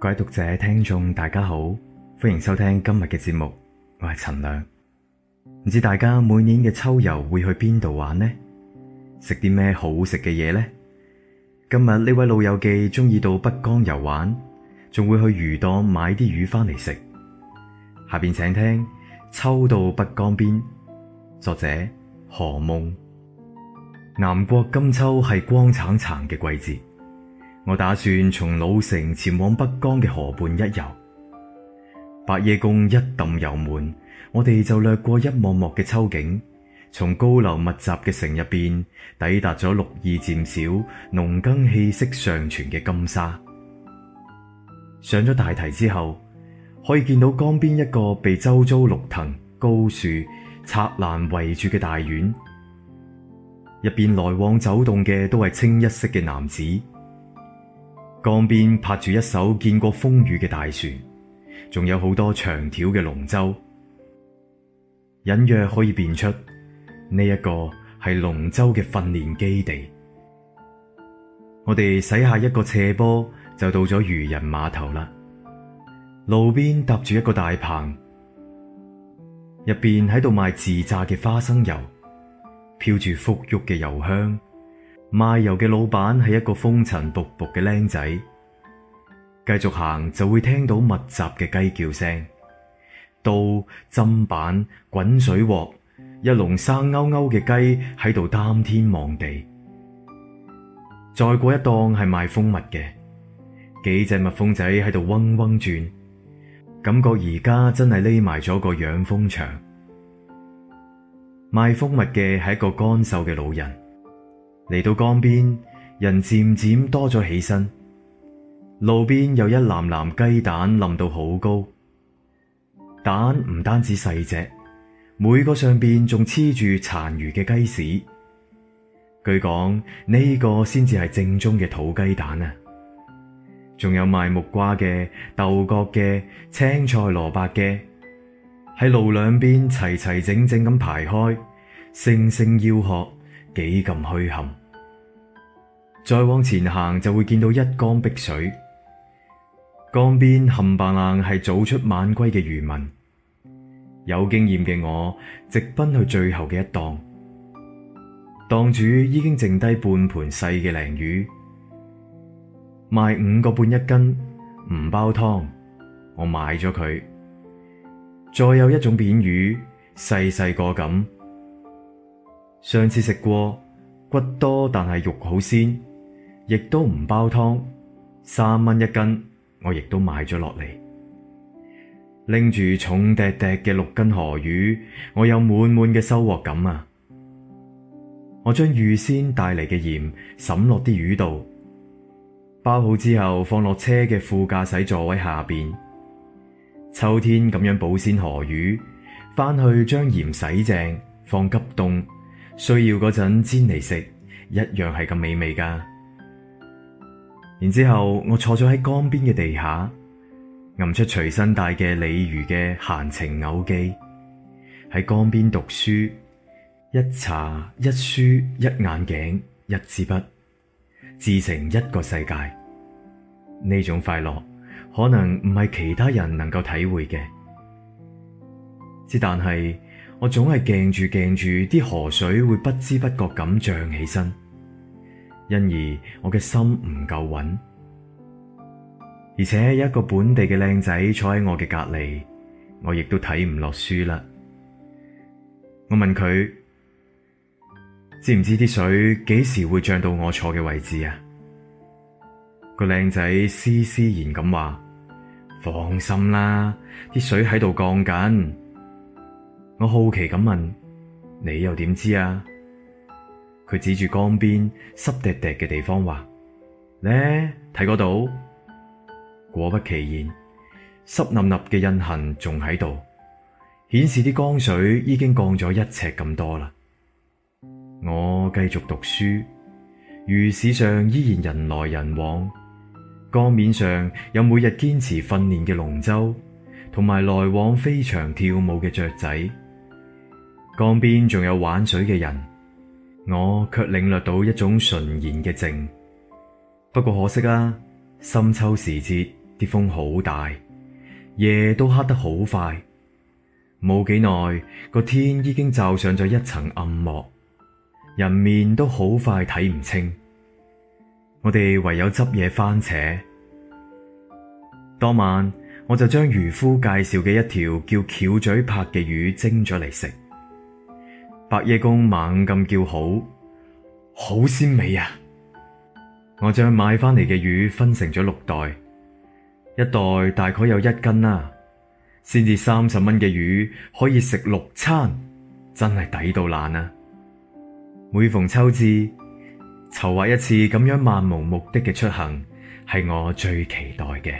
各位讀者、聽眾大家好，歡迎收聽今日嘅節目，我係陳亮。唔知大家每年嘅秋遊會去邊度玩呢？食啲咩好食嘅嘢呢？今日呢位老友記中意到北江遊玩，仲會去魚檔買啲魚翻嚟食。下邊請聽《秋到北江邊》，作者何夢。南國金秋係光燦燦嘅季節。我打算從老城前往北江嘅河畔一遊。白夜公一抌油門，我哋就掠過一幕幕嘅秋景，從高樓密集嘅城入邊抵達咗綠意漸少、農耕氣息尚存嘅金沙。上咗大堤之後，可以見到江邊一個被周遭綠藤、高樹、柵欄圍住嘅大院，入邊來往走動嘅都係清一色嘅男子。江邊泊住一艘見過風雨嘅大船，仲有好多長條嘅龍舟，隱約可以辨出呢一個係龍舟嘅訓練基地。我哋駛下一個斜坡就到咗漁人碼頭啦。路邊搭住一個大棚，入邊喺度賣自榨嘅花生油，飄住馥郁嘅油香。賣油嘅老闆係一個風塵仆僕嘅僆仔，繼續行就會聽到密集嘅雞叫聲，刀砧板滾水鑊，一籠生勾勾嘅雞喺度擔天望地。再過一檔係賣蜂蜜嘅，幾隻蜜蜂仔喺度嗡嗡轉，感覺而家真係匿埋咗個養蜂場。賣蜂蜜嘅係一個乾瘦嘅老人。嚟到江邊，人漸漸多咗起身。路邊有一籃籃雞蛋，冧到好高。蛋唔單止細隻，每個上邊仲黐住殘餘嘅雞屎。據講呢個先至係正宗嘅土雞蛋啊！仲有賣木瓜嘅、豆角嘅、青菜、蘿蔔嘅，喺路兩邊齊齊整整咁排開，聲聲吆喝。幾咁墟冚，再往前行就會見到一江碧水，江邊冚唪唥係早出晚歸嘅漁民。有經驗嘅我，直奔去最後嘅一檔，檔主已經剩低半盤細嘅鯪魚，賣五個半一斤，唔包劏，我買咗佢。再有一種鯿魚，細細個咁。上次食過，骨多但係肉好鮮，亦都唔包宰，三蚊一斤，我亦都買咗落嚟。拎住重疊疊嘅六斤河魚，我有滿滿嘅收穫感啊！我將預先帶嚟嘅鹽沈落啲魚度，包好之後放落車嘅副駕駛座位下面。秋天咁樣保鮮河魚，翻去將鹽洗淨，放急凍。需要嗰陣煎嚟食，一樣係咁美味噶。然之後我坐咗喺江邊嘅地下，揞出隨身帶嘅李漁嘅閒情偶寄，喺江邊讀書，一茶、一書、一眼鏡、一支筆，自成一個世界。呢種快樂可能唔係其他人能夠體會嘅，只但係。我總係鏡住鏡住，啲河水會不知不覺咁漲起身，因而我嘅心唔夠穩。而且一個本地嘅靚仔坐喺我嘅隔籬，我亦都睇唔落書啦。我問佢知唔知啲水幾時會漲到我坐嘅位置啊？個靚仔斯斯然咁話：放心啦，啲水喺度降緊。我好奇咁問：你又點知啊？佢指住江邊濕滴滴嘅地方話：咧睇過度，果不其然，濕淋淋嘅印痕仲喺度，顯示啲江水已經降咗一尺咁多啦。我繼續讀書，魚市上依然人來人往，江面上有每日堅持訓練嘅龍舟，同埋來往飛翔跳舞嘅雀仔。江邊仲有玩水嘅人，我卻領略到一種純然嘅靜。不過可惜啊，深秋時節啲風好大，夜都黑得好快，冇幾耐個天已經罩上咗一層暗幕，人面都好快睇唔清。我哋唯有執嘢番扯。當晚我就將漁夫介紹嘅一條叫翹嘴鮊嘅魚蒸咗嚟食。白夜公猛咁叫好，好鮮美啊！我將買翻嚟嘅魚分成咗六袋，一袋大概有一斤啦，啊，先至三十蚊嘅魚可以食六餐，真係抵到爛啊！每逢秋至，籌劃一次咁樣漫無目的嘅出行，係我最期待嘅。